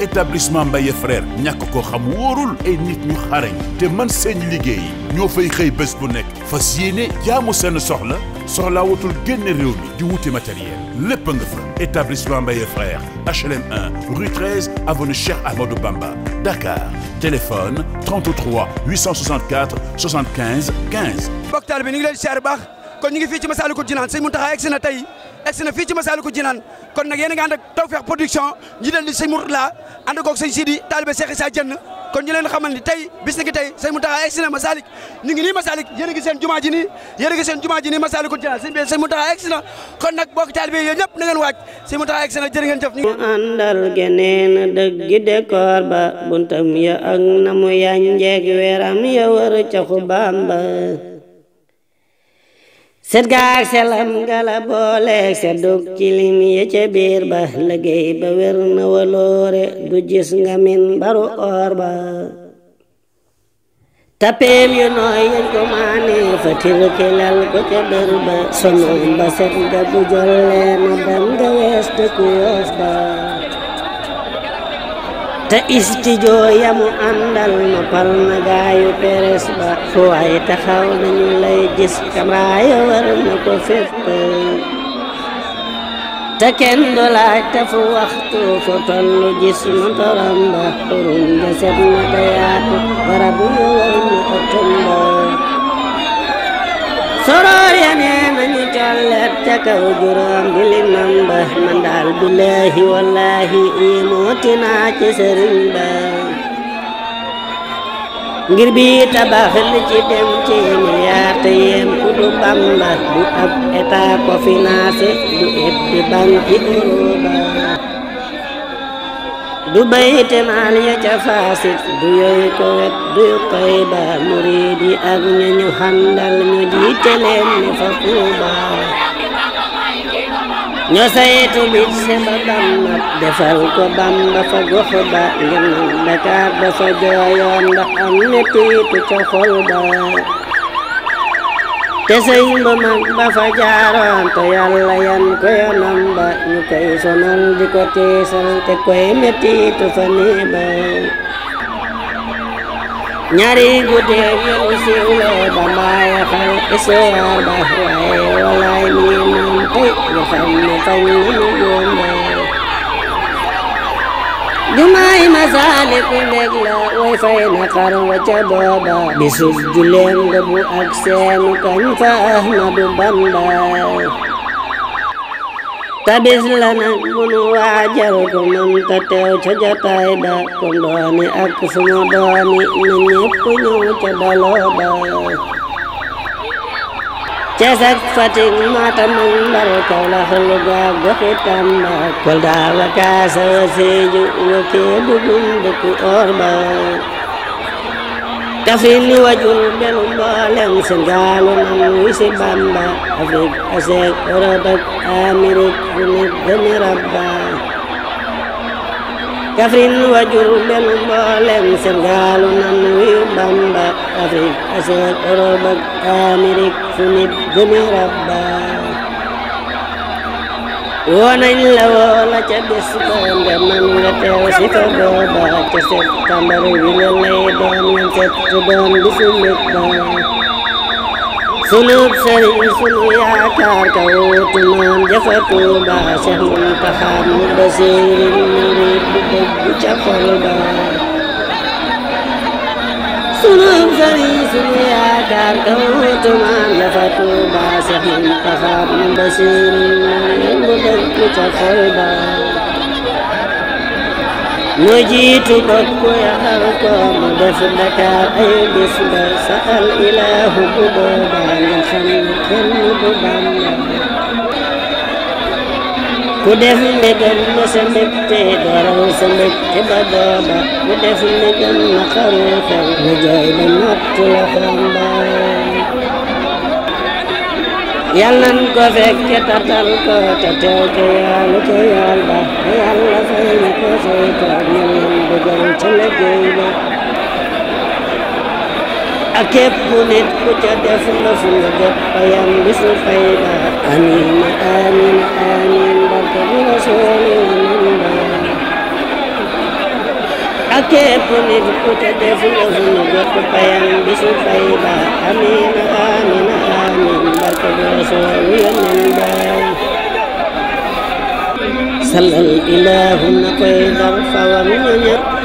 établissement Mbaye frère ñàkk ko xam wóorul ay nit ñu xarañ te man seen liggéey ñoo fay xëy bés bu nekk fas yéene jaamu seen soxla soxlaa watul génne réew mi di wuti matériel lépp nga fa établissement Mbaye frère HLM 1 rue 13 avenue Cheikh Amadou Bamba Dakar téléphone 33 864 75 15. mbokk taal bi ñu ngi leen si baax kon ñu ngi fii ci Massalikul Jinaan sëñ Muntaxa egsi na tey. egsi na fii ci Masaalikul Jinaan kon nag yéen a ngi ànd ak Tawfekh Production ñi leen di sëñ Mourtala ànd koog sëñ Sidi taalibe Cheikh Issa kon ñu leen xamal tey bis tey sëñ Mourtala na Masaalik ñu ngi nii Masaalik a ngi seen jumaa ji nii a ngi seen Jinaan sëñ bi na kon nag bokk taalibe yooyu ñëpp na waaj sëñ Mourtala na jërë mu àndal geneen dëgg dékoor ba buntam ya ak na mu yañ njeeg weeram ya wër ca xubaam ba set gaag selam gala booleeg set dug ye ca biir ba liggéey ba wér waloore du gis nga min baru oor ba tapeem yu nooy yéen ko maane fa tirkilal ko ca ba sonoom ba set ga bu jolle na dam ga wees dëkku yoos ba te istijoo yamu àndal noppal na gaayu peres ba fu waay taxaw nañu lay gis kamraaya war na ko fépp te kenn du laaj fu waxtu fu tollu gis motoram ba xurum ba set na te yaatu war na ëttam ba soroor ya nee nañu colle kat ca kaw juróom di ba man daal billaahi wallaahi ii mooti naa ci sëriñ ba ngir bi tabax li ci dem ci milliard te yem ku du Bamba du ab état ko financé du it di banque Europe du bayti maal ya ca faasit du yooyu ko wet du yu koy ba muriidi ak ña ñu xandal ñu jiite leen ni fa Tuuba ñoo saytu biir Séba Bamba defal ko Bamba fa gox ba ngeen Dakar dafa jooyoon ndax am mettiitu ca xol ba te sëñ ba ba fa jaaroon te yàlla yan ko yoonam ñu koy sonal di ko tiisal te koy mettiitu fa nii ñaari guddeeg yu siiw la ba maaya xal isoor ba waaye walaay nii ấy người phòng tay luôn luôn Dumay masalik ileg la wifi na karwacha baba Bisig gileng gabu aksen kanfa ahmadu banday Tabis lanang bunu wajar kuman tatew cajatay da Kondoni ak sumabani nanyepunyo cadaloba Cees ak Fatick Matam ak Ndar Kaolack Louga goxi Tamba Kolda Wakaasa Sédhiou wa Kédougou dëkku or ba Kaffrine li wajul belu mboolem seen gaalu nam wi si Bamba Afrique Asie Europe ak Amérique nit demi rabba Kaffrine wa Diourbel mboolem Sénégalu nan wi Bamba Afrique Asie Europe ak Amérique fu nit gëme rabba woo nañ la woo ca bés ba man nga teew si fa ca septembre wi la lay doon ñun set bisu mbég sunub sëriñ sunu yaakaar ka wuutu maam jafa tuuba Seex Muntaxa mu basiir murid bu dëgg ca xol ba sunub sëriñ sunu yaakaar ka wuutu maam jafa tuuba Seex Muntaxa mu basiir murid bu dëgg ca xol ba moo jiitu bopp ya xal ko mu def Dakar ay bis ba saal ilaahu bu boobaa nga xam ne kenn du bànneex ku def ndegam na sa mbégte daraw sa mbégte ba booba ku def ndegam na xaru xel nga jooy ba natt la xambaay yàlla nañ ko fekke tatal ko te teew ko yàlla ca yool ba yàlla fay ñu ko fay ko ñu leen dugal ci liggéey ba ak képp ku ca def la fu nga jot bi fu fay ba amina amina salal ilaahu na koy dar fa war na ñor